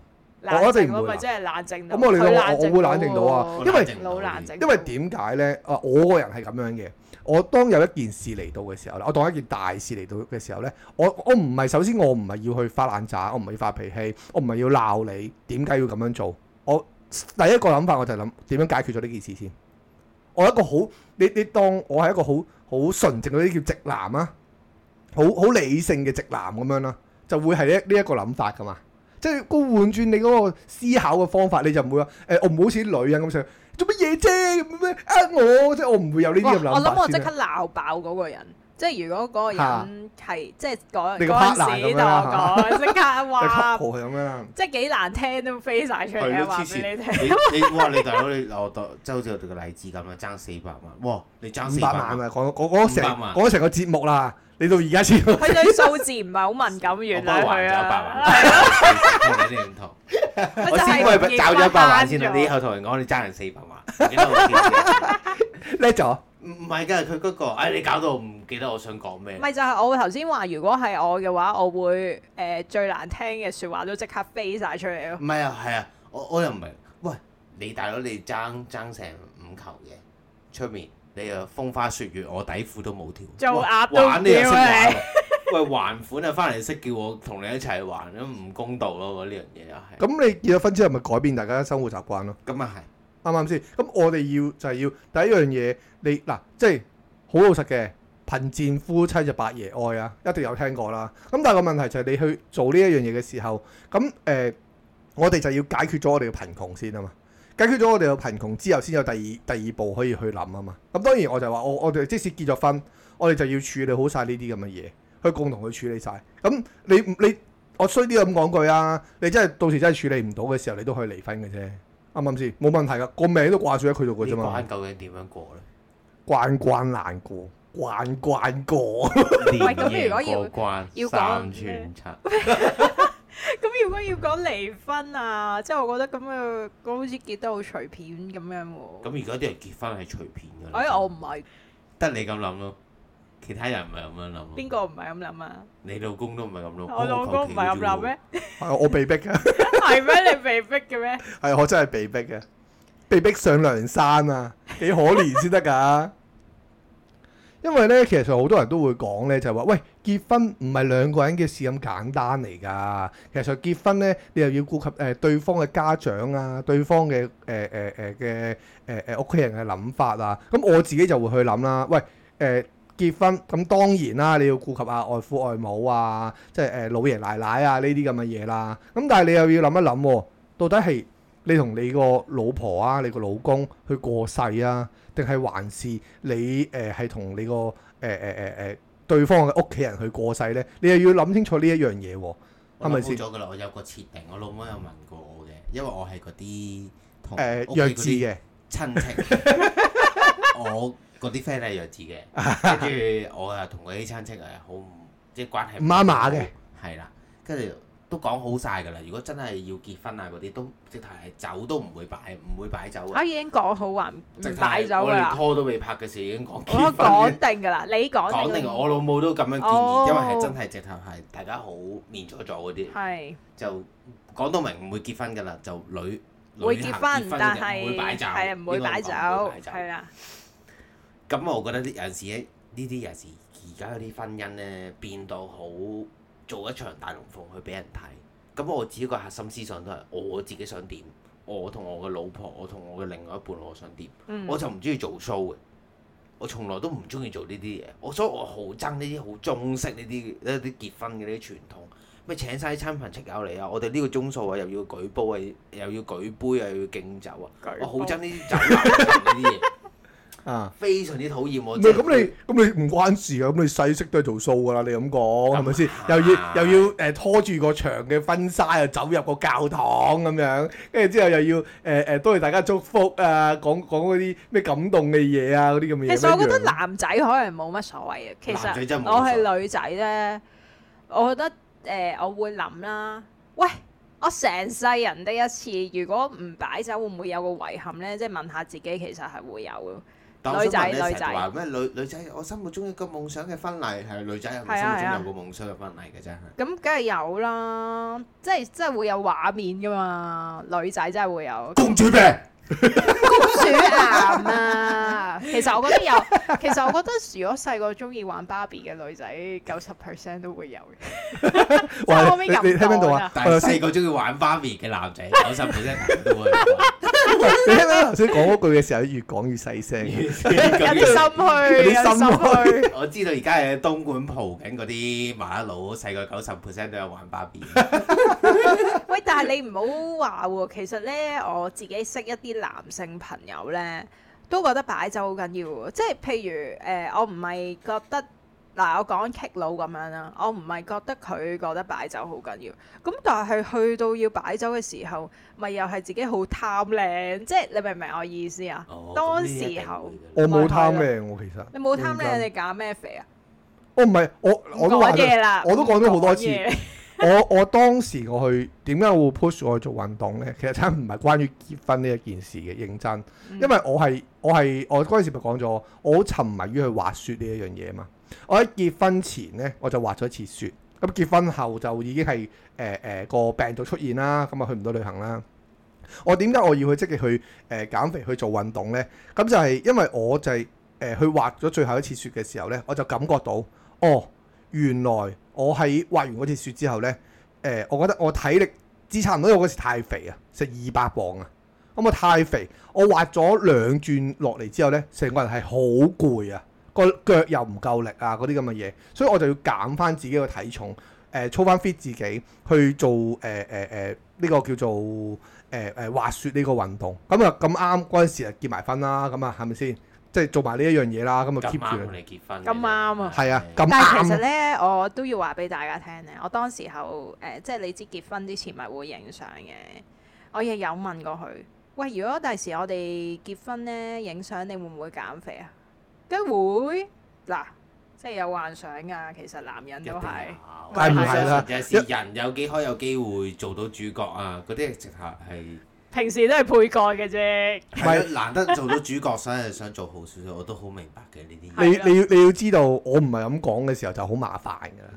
靜我一定唔會。我真係冷靜到，佢冷我，我會冷靜到啊，因為因為點解呢？啊，我個人係咁樣嘅。我當有一件事嚟到嘅時候，我當一件大事嚟到嘅時候呢，我我唔係首先我唔係要去發爛渣，我唔係要發脾氣，我唔係要鬧你。點解要咁樣做？我第一個諗法我就係諗點樣解決咗呢件事先。我一個好，你你當我係一個好好純正嗰啲叫直男啊。好好理性嘅直男咁樣啦，就會係一呢一個諗法噶嘛。即係換轉你嗰個思考嘅方法，你就唔會話誒，我唔好似啲女人咁想做乜嘢啫？咩呃我？即係我唔會有呢啲咁諗法先。我諗我即刻鬧爆嗰個人。即係如果嗰個人係即係你個 partner 同我講，即刻話。對 couple 係咁樣，即係幾難聽都飛曬出嚟嘅話俾你聽。你，你話你大佬你鬧，就即係好似我哋個例子咁啦，爭四百萬。哇！你爭四百萬咪講嗰嗰成嗰成個節目啦。你到而家先，佢對數字唔係好敏感原，原來。我還咗一百萬。我唔知你同，我先幫佢還咗一百萬先，你 以後同人講你爭人四百萬，叻咗？唔唔係㗎，佢嗰、嗰個、哎，你搞到唔記得我想講咩？唔咪就係我頭先話，如果係我嘅話，我會誒、呃、最難聽嘅説話都即刻飛晒出嚟咯。唔係啊，係啊，我我，我又唔明，喂，你大佬你爭爭成五球嘅出面。你又風花雪月，我底褲都冇條，做鴨都跳。喂，還款啊，翻嚟識叫我同你一齊還，咁唔公道咯。呢樣嘢又係。咁你結咗婚之後，咪改變大家嘅生活習慣咯？咁啊係，啱唔啱先？咁、嗯、我哋要就係、是、要第一樣嘢，你嗱、啊，即係好老實嘅貧賤夫妻就百事哀啊，一定有聽過啦。咁但係個問題就係你去做呢一樣嘢嘅時候，咁誒、呃，我哋就要解決咗我哋嘅貧窮先啊嘛。解決咗我哋有貧窮之後，先有第二第二步可以去諗啊嘛。咁當然我就話我我哋即使結咗婚，我哋就要處理好晒呢啲咁嘅嘢，去共同去處理晒。咁、嗯、你你我衰啲咁講句啊，你真係到時真係處理唔到嘅時候，你都可以離婚嘅啫。啱啱先？冇問題噶，個命都掛住喺佢度嘅啫嘛。究竟點樣過咧？關關難過，關關過。喂， 咁如果要三全拆？咁如果要講離婚啊？即係我覺得咁嘅，我好似結得好隨便咁樣喎。咁而家啲人結婚係隨便噶？哎，我唔係，得你咁諗咯，其他人唔係咁樣諗咯。邊個唔係咁諗啊？你老公都唔係咁諗，我老公唔係咁諗咩？係，啊，我被逼嘅，係咩？你被逼嘅咩？係 我真係被逼嘅，被逼上梁山啊！幾可憐先得噶～ 因為咧，其實好多人都會講咧，就係話：喂，結婚唔係兩個人嘅事咁簡單嚟㗎。其實結婚咧，你又要顧及誒對方嘅家長啊，對方嘅誒誒誒嘅誒誒屋企人嘅諗法啊。咁我自己就會去諗啦。喂，誒、呃、結婚咁當然啦，你要顧及啊外父外母啊，即係誒老爺奶奶啊呢啲咁嘅嘢啦。咁但係你又要諗一諗，到底係。你同你個老婆啊，你個老公去過世啊，定係還是你誒係同你個誒誒誒誒對方嘅屋企人去過世咧？你又要諗清楚呢一樣嘢喎，係咪先？我諗清楚咗㗎啦，我有個設定，我老母有問過我嘅，因為我係嗰啲弱智嘅親戚，我嗰啲 friend 係弱智嘅，跟住我又同佢啲親戚係好即係關係唔啱馬嘅，係啦，跟住。都講好晒噶啦！如果真係要結婚啊嗰啲，都直頭係走都唔會擺，唔會擺酒。啊，已經講好直話唔擺酒啦。我哋拖都未拍嘅時已經講結婚。我講定噶啦，你講定，我老母都咁樣建議，哦、因為係真係直頭係大家好面阻阻嗰啲。係。就講到明唔會結婚噶啦，就女。會結婚，結婚但係係唔會擺酒，係啦。咁我覺得啲有時呢，呢啲有時而家嗰啲婚姻咧變到好，做一場大龍鳳去俾人睇，咁我自己個核心思想都係我自己想點，我同我嘅老婆，我同我嘅另外一半，我想點，嗯、我就唔中意做 show 嘅，我從來都唔中意做呢啲嘢，我所以我好憎呢啲好中式呢啲呢啲結婚嘅呢啲傳統，咩請晒啲親朋戚友嚟啊，我哋呢個鐘數啊,又要,啊又要舉杯啊又要舉杯、啊、又要敬酒啊，報我好憎呢啲酒樓呢啲嘢。 啊！非常之討厭、嗯、我真、嗯。唔係咁，你咁你唔關事噶，咁你細息都係做數噶啦。你咁講係咪先？又要又要誒拖住個長嘅婚紗又走入個教堂咁樣，跟住之後又要誒誒、呃、多謝大家祝福啊，講講嗰啲咩感動嘅嘢啊，嗰啲咁嘅嘢。其實我覺得男仔可能冇乜所謂啊，其實我係女仔咧、呃，我覺得誒、呃、我會諗啦。喂，我成世人的一次，如果唔擺酒，會唔會有個遺憾咧？即、就、係、是、問下自己，其實係會有女仔女仔，咩女女仔？我心目中一個夢想嘅婚禮係女仔，我心目中有個夢想嘅婚禮嘅真係。咁梗係有啦，即係即係會有畫面噶嘛？女仔真係會有公主病、公主癌啊！其實我覺得有，其實我覺得如果細個中意玩芭比嘅女仔，九十 percent 都會有嘅。即係我邊咁啊？大個細個中意玩芭比嘅男仔，九十 percent 都會。 你聽到頭先講嗰句嘅時候，越講越細聲，心虛，有啲心虛。 我知道而家係東莞蒲景嗰啲馬佬細個九十 percent 都有玩芭比。 喂，但係你唔好話喎，其實咧我自己識一啲男性朋友咧，都覺得擺酒好緊要。即係，譬如，誒，呃，我唔係覺得。嗱，我講激佬咁樣啦，我唔係覺得佢覺得擺酒好緊要咁，但係去到要擺酒嘅時候，咪、就是、又係自己好貪靚，即係你明唔明我意思啊？哦、當時候、哦、時我冇貪靚我其實你冇貪靚真，你減咩肥啊？哦，唔係我我，我都話啦，我都講咗好多次。 我我當時我去點解會 push 我去做運動呢？其實真唔係關於結婚呢一件事嘅認真，因為我係、嗯、我係我嗰陣時咪講咗，我好沉迷於去滑雪呢一樣嘢嘛。我喺結婚前咧，我就滑咗一次雪。咁結婚後就已經係誒誒個病毒出現啦，咁啊去唔到旅行啦。我點解我要去積極去誒、呃、減肥去做運動咧？咁就係因為我就係誒、呃、去滑咗最後一次雪嘅時候咧，我就感覺到，哦，原來我喺滑完嗰次雪之後咧，誒、呃，我覺得我體力支撐唔到，因為我嗰時太肥、嗯、太肥啊，食二百磅啊，咁啊太肥，我滑咗兩轉落嚟之後咧，成個人係好攰啊。個腳又唔夠力啊！嗰啲咁嘅嘢，所以我就要減翻自己個體重，誒、呃、操翻 fit 自己去做誒誒誒呢個叫做誒誒、呃呃、滑雪呢個運動。咁啊咁啱嗰陣時啊結埋婚啦，咁啊係咪先？即係做埋呢一樣嘢啦，咁啊 keep 住。咁啱你結婚。咁啱啊！係啊！咁、啊、但係其實咧，我都要話俾大家聽咧，我當時候誒、呃，即係你知結婚之前咪會影相嘅，我亦有問過佢：喂，如果第時我哋結婚咧影相，你會唔會減肥啊？會嗱，即係有幻想噶。其實男人都係，但係唔係啦，就係人有幾可有機會做到主角啊？嗰啲直客係平時都係配角嘅啫，係難得做到主角，所以想做好少少，我都好明白嘅呢啲。你你要你要知道，我唔係咁講嘅時候就好麻煩噶啦。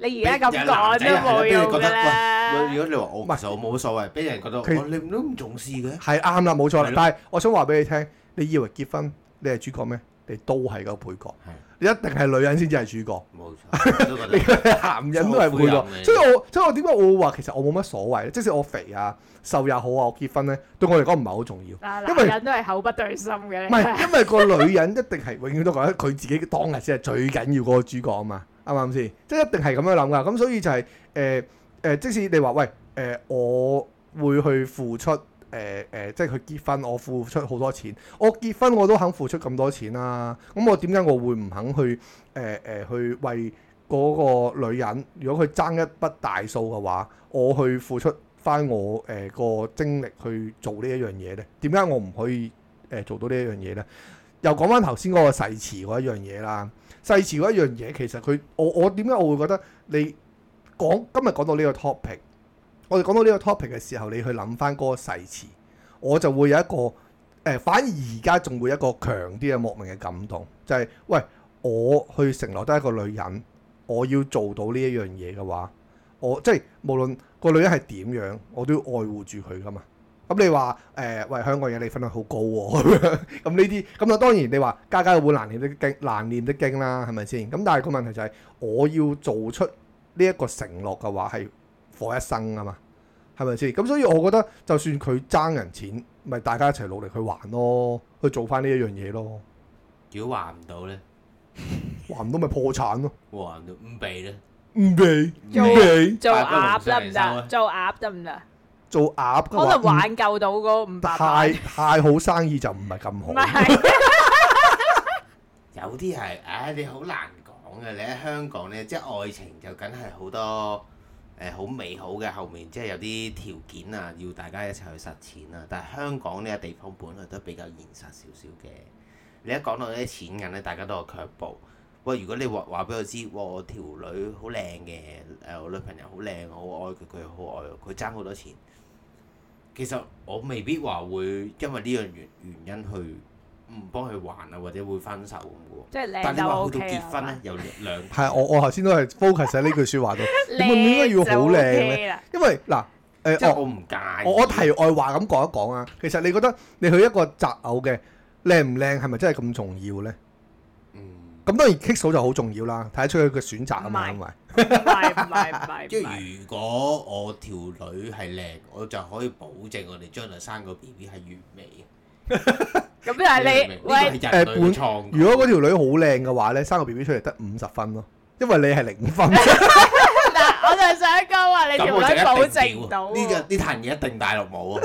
你而家咁講都冇用噶啦。喂，如果你話我唔係，其實我冇所謂。俾人覺得你都唔重視嘅，係啱啦，冇錯啦。但係我想話俾你聽，你以為結婚你係主角咩？你都係個配角，你一定係女人先至係主角。冇錯，你個男人都係配角。所以我，所以我點解我會話其實我冇乜所謂咧？即使我肥啊、瘦又好啊，我結婚咧對我嚟講唔係好重要。因為男人都係口不對心嘅，唔係因為個女人一定係 永遠都覺得佢自己當日先係最緊要嗰個主角啊嘛？啱唔啱先？即係一定係咁樣諗㗎。咁所以就係誒誒，即使你話喂誒、呃，我會去付出。誒誒、呃，即係佢結婚，我付出好多錢。我結婚我都肯付出咁多錢啦、啊。咁我點解我會唔肯去誒誒、呃呃、去為嗰個女人？如果佢爭一筆大數嘅話，我去付出翻我誒個精力去做呢一樣嘢呢？點解我唔可以誒、呃、做到呢一樣嘢呢？又講翻頭先嗰個誓詞嗰一樣嘢啦。誓詞嗰一樣嘢其實佢我我點解我會覺得你講今日講到呢個 topic？我哋講到呢個 topic 嘅時候，你去諗翻嗰個誓詞，我就會有一個誒、呃，反而而家仲會有一個強啲嘅莫名嘅感動，就係、是、喂，我去承諾得一個女人，我要做到呢一樣嘢嘅話，我即係無論個女人係點樣，我都要愛護住佢噶嘛。咁、嗯、你話誒、呃，喂，香港人你分得好高喎、啊，咁樣咁呢啲，咁啊、嗯、當然你話家家有本難念的經，難念的經啦，係咪先？咁但係個問題就係、是，我要做出呢一個承諾嘅話係。過一生啊嘛，係咪先？咁所以我覺得就算佢爭人錢，咪大家一齊努力去還咯，去做翻呢一樣嘢咯。如果還唔到咧，還唔到咪破產咯？還唔到唔俾咧？唔俾做鴨得唔得？做鴨得唔得？做鴨可能挽救到嗰五百。太太好生意就唔係咁好。有啲係，唉，你好難講嘅。你喺香港咧，即係愛情就梗係好多。誒好、嗯、美好嘅，後面即係有啲條件啊，要大家一齊去實踐啊。但係香港呢個地方本來都比較現實少少嘅。你一講到啲錢銀咧，大家都係卻步。不過如果你話話俾我知，我條女好靚嘅，誒、呃、我女朋友好靚，我愛佢，佢好愛我，佢爭好多錢。其實我未必話會因為呢樣原原因去。唔幫佢還啊，或者會分手咁喎。即係靚就，但你話去到結婚咧，又兩係我，我頭先都係 focus 喺呢句説話度。點解要好靚咧？因為嗱、誒，我我題外話咁講一講啊。其實你覺得你去一個擇偶嘅靚唔靚係咪真係咁重要咧？嗯。咁當然 kiss 就好重要啦，睇得出佢嘅選擇啊嘛，因為唔唔係唔係。即係如果我條女係靚，我就可以保證我哋將來生個 B B 係完美咁又係你喂？誒，本如果嗰條女好靚嘅話咧，生個 B B 出嚟得五十分咯，因為你係零分。但我就想講話，你條女保證到呢？只呢壇嘢一定大陸冇啊！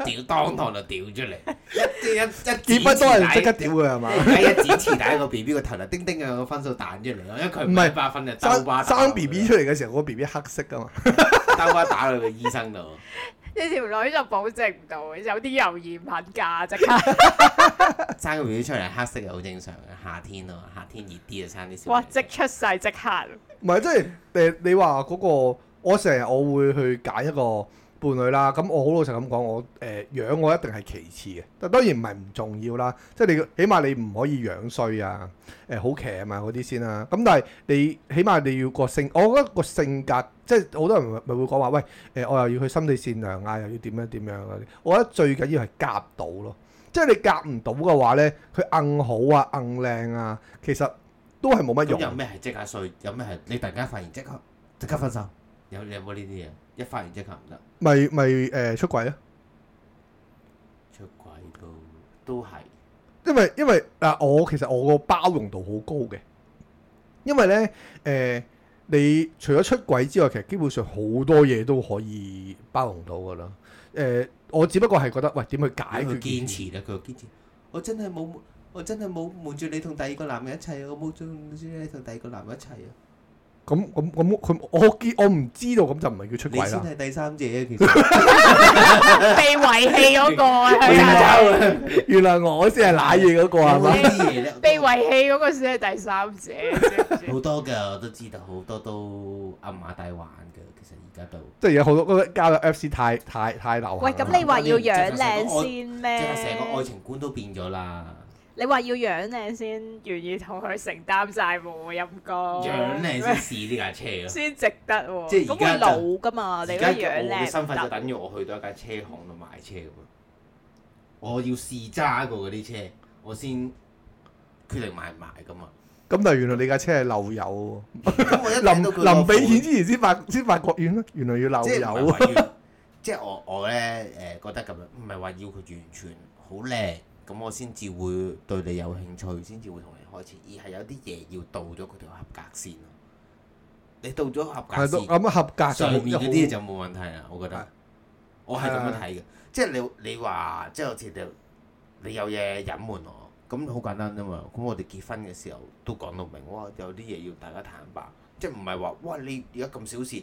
一定屌，當堂就屌出嚟，一啲一一幾分多人即刻屌佢係嘛？一一第一個 B B 個頭嚟，叮叮啊個分數彈出嚟咯，因為佢唔係八分就兜生 B B 出嚟嘅時候，個 B B 黑色噶嘛，兜巴打去個醫生度。呢條女就保證唔到，有啲油鹽品價啫。生 個表出嚟黑色係好正常嘅，夏天咯、啊，夏天熱啲就生啲。哇！即出世即黑。唔係，即係誒， 你話嗰、嗰個，我成日我會去揀一個伴侶啦，咁我好老實咁講，我誒樣我一定係其次嘅，但當然唔係唔重要啦，即係你起碼你唔可以樣衰啊，誒好騎啊嘛嗰啲先啦，咁但係你起碼你要個性，我覺得個性格即係好多人咪會講話，喂誒我又要去心地善良啊，又要點樣點樣啊，我覺得最緊要係夾到咯，即係你夾唔到嘅話咧，佢硬好啊硬靚啊，其實都係冇乜用。有咩係即刻衰？有咩係你突然間發現即刻即刻分手？有你有冇呢啲嘢？一發現即刻唔得，咪咪誒出軌咯？出軌都都係，因為因為嗱，我其實我個包容度好高嘅，因為咧誒、呃，你除咗出軌之外，其實基本上好多嘢都可以包容到噶啦。誒、呃，我只不過係覺得，喂，點去解決？佢堅持啦，佢堅持，堅持我。我真係冇，我真係冇瞞住你同第二個男人一齊，我冇瞞住你同第二個男人一齊啊！咁咁咁佢我見我唔知道咁就唔係叫出軌啦。你先係第三者，其實被遺棄嗰個係原來我先係瀨嘢嗰個係嗎？被遺棄嗰個先係第三者。好多㗎，我都知道好多都暗馬大玩㗎，其實而家都 即係有好多嗰個交友 Apps 太太太流行。 喂，咁你話要養靚先咩？即係成個愛情觀都變咗啦。你話要樣靚先願意同佢承擔債喎，我陰功，樣靚先試呢架車咯，先麼值得喎、啊。即係而家老㗎嘛，你都樣靚。我嘅身份就等於我去到一間車行度買車咁，我要試揸過嗰啲車，我先決定買唔買㗎嘛。咁但係原來你架車係漏油喎， 因為臨臨 俾錢之前先發先發覺遠咯，原來要漏油。即係 我我咧誒覺得咁樣，唔係話要佢完全好靚。 咁我先至會對你有興趣，先至會同你開始，而係有啲嘢要到咗佢條合格線咯。你到咗合格，咁、嗯、合格上面嗰啲就冇問題啦，我覺得。啊、我係咁樣睇嘅、啊，即係你你話即係好似你有嘢隱瞞我，咁好簡單啫嘛。咁我哋結婚嘅時候都講到明，哇！有啲嘢要大家坦白，即係唔係話哇你而家咁小事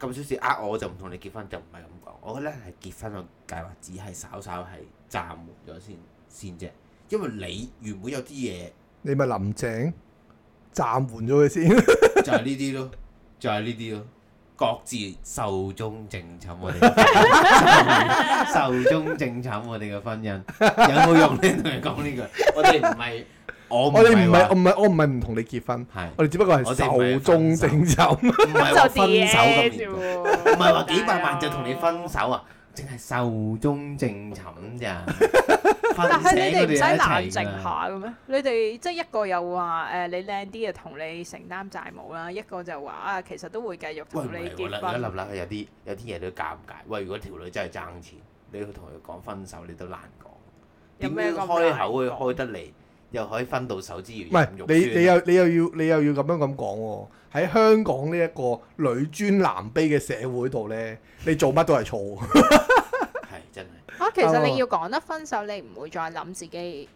咁小事呃我，我就唔同你結婚，就唔係咁講。我覺得係結婚嘅計劃只係稍稍係。暫緩咗先先啫，因為你原本有啲嘢，你咪林鄭，暫緩咗佢先， 就係呢啲咯，就係呢啲咯，各自壽終正寢，我哋壽終正寢，我哋嘅婚姻有冇用呢？同你講呢句，我哋唔係，我唔係話，我唔係，我唔係唔同你結婚，的我哋只不過係壽終正寢，唔係話分手咁，唔係話幾百萬就同你分手啊！淨係壽終正寢咋，但係你哋唔使冷靜下嘅咩？你哋即係一個又話誒你靚啲啊，同你承擔債務啦；一個就話啊，其實都會繼續同你結婚。唔係，我諗諗下有啲有啲嘢都尷尬。喂，如果條女真係爭錢，你要同佢講分手，你都難講。有咩咁難？點開口會開得嚟，又可以分到手之餘唔肉酸？你你又你又要你又要咁樣咁講喎？喺香港呢一個女尊男卑嘅社會度咧，你做乜都係錯。啊，其實你要講得分手，你唔會再諗自己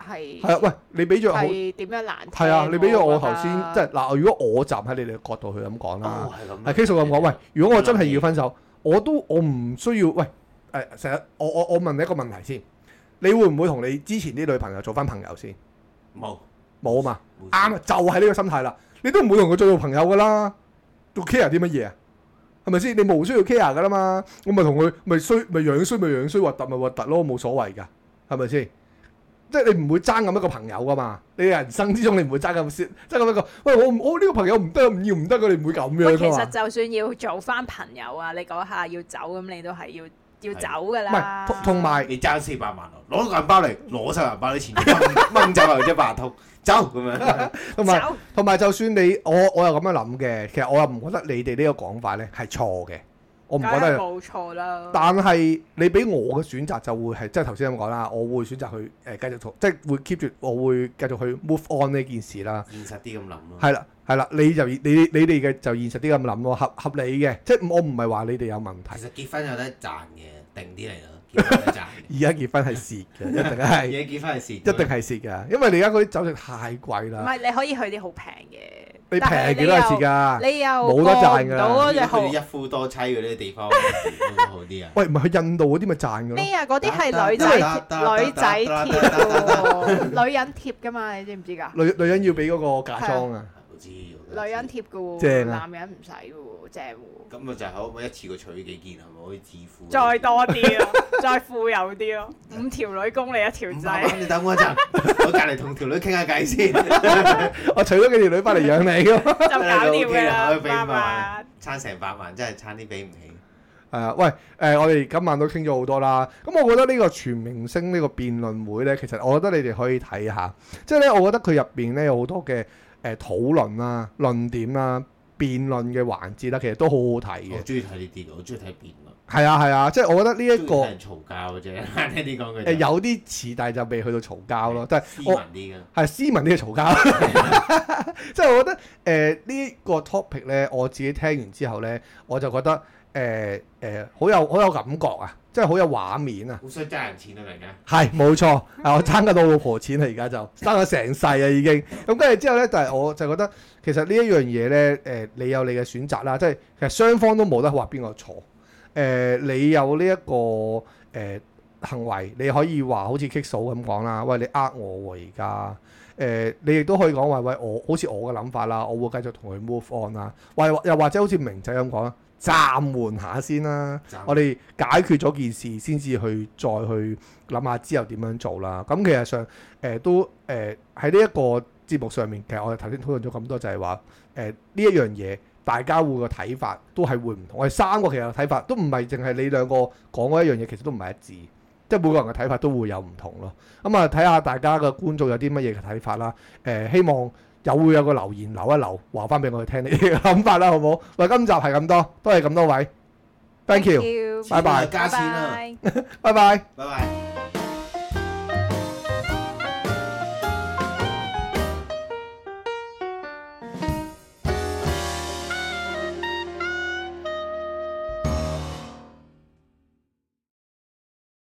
係係啊！喂，你俾咗我點樣難聽？係啊，你俾咗我頭先、啊、即係嗱，如果我站喺你哋角度去咁講啦，係傾訴咁講。喂，如果我真係要分手，我都我唔需要喂誒成、哎、日我我我問你一個問題先，你會唔會同你之前啲女朋友做翻朋友先？冇冇啊嘛，啱啊會，就係、是、呢個心態啦。你都唔會同佢做做朋友噶啦，做咩啊 care 啲乜嘢？係咪先？你無需要 care 噶啦嘛？我咪同佢咪衰咪樣衰咪樣衰，核突咪核突咯，冇所謂噶。係咪先？即係你唔會爭咁一個朋友噶嘛？你人生之中你唔會爭咁即爭咁一個。喂，我我呢個朋友唔得，唔要唔得，你唔會咁樣。其實就算要做翻朋友啊，你講下要走咁，你都係要。要走噶啦唔係，同埋有你爭四百萬咯，攞個銀包嚟，攞晒銀包啲錢掹走啊，即係白通走咁樣 有，同埋同埋就算你我我又咁樣諗嘅，其實我又唔覺得你哋呢個講法咧係錯嘅，我唔覺得冇錯啦。但係你俾我嘅選擇就會係即係頭先咁講啦，我會選擇去誒、呃、繼續做，即係會 keep 住我會繼續去 move on 呢件事啦。現實啲咁諗咯，係啦。係啦，你就你你哋嘅就現實啲咁諗咯，合合理嘅，即係我唔係話你哋有問題。其實結婚有得賺嘅，定啲嚟咯，結婚而家結婚係蝕嘅，一定係。而家結婚係蝕，一定係蝕㗎，因為你而家嗰啲酒席太貴啦。唔係，你可以去啲好平嘅。你平係幾多蝕㗎？你又冇得賺㗎。過唔到一夫多妻嗰啲地方好啲啊！喂，唔係去印度嗰啲咪賺㗎？咩啊？嗰啲係女仔，女仔貼，女人貼㗎嘛？你知唔知㗎？女女人要俾嗰個嫁妝啊！女人貼嘅喎，男人唔使嘅喎，正喎。咁啊，就可唔可以一次過取幾件？係咪可以致富？再多啲咯，再富有啲咯。五條女供你一條仔。你等我一陣，我隔離同條女傾下偈先。我娶咗幾條女翻嚟養你咯，就搞掂嘅啦，媽咪。差成百萬真係差啲俾唔起。係啊，喂，誒，我哋今晚都傾咗好多啦。咁我覺得呢個全明星呢個辯論會咧，其實我覺得你哋可以睇下。即係咧，我覺得佢入邊咧有好多嘅。誒討論啊、論點啊、辯論嘅環節啦、啊，其實都好好睇嘅。我中意睇啲辯，我中意睇辯論。係啊係啊，即係我覺得呢、呢、一個。嘈交嘅啫。聽你講嘅，誒、呃、有啲似，但係就未去到嘈交咯。即係是。斯文啲嘅。係斯文啲嘅嘈交。 即係我覺得誒呢、呃呢個 topic 咧，我自己聽完之後咧，我就覺得誒誒好有好有，有感覺啊。真係好有畫面啊！好想爭人錢啊，而家係冇錯，我爭得到老婆錢啊。而家就爭咗成世啊，已經咁跟住之後咧，就係、是、我就覺得其實呢一樣嘢咧，誒、呃，你有你嘅選擇啦，即係其實雙方都冇得話邊個錯。誒、呃，你有呢、這、一個誒、呃、行為，你可以話好似 Kiko 咁講啦，喂，你我、啊、呃我喎而家，誒，你亦都可以講話，喂，我好似我嘅諗法啦，我會繼續同佢 move on 啦，喂，又或者好似明仔咁講。暫緩下先啦，暫緩。我哋解決咗件事先至去再去諗下之後點樣做啦。咁、嗯、其實上誒、呃、都誒喺呢一個節目上面，其實我哋頭先討論咗咁多就，就係話誒呢一樣嘢，大家會個睇法都係會唔同。我哋三個其實嘅睇法都唔係淨係你兩個講嗰一樣嘢，其實都唔係一致，即係每個人嘅睇法都會有唔同咯。咁、嗯、啊，睇下大家嘅觀眾有啲乜嘢嘅睇法啦。誒、呃，希望。就會有個留言留一留，話翻俾我哋聽你嘅諗法啦，好唔好？喂，今集係咁多，多謝咁多位，thank you，, Thank you. 拜拜，加錢啦，拜拜，拜拜。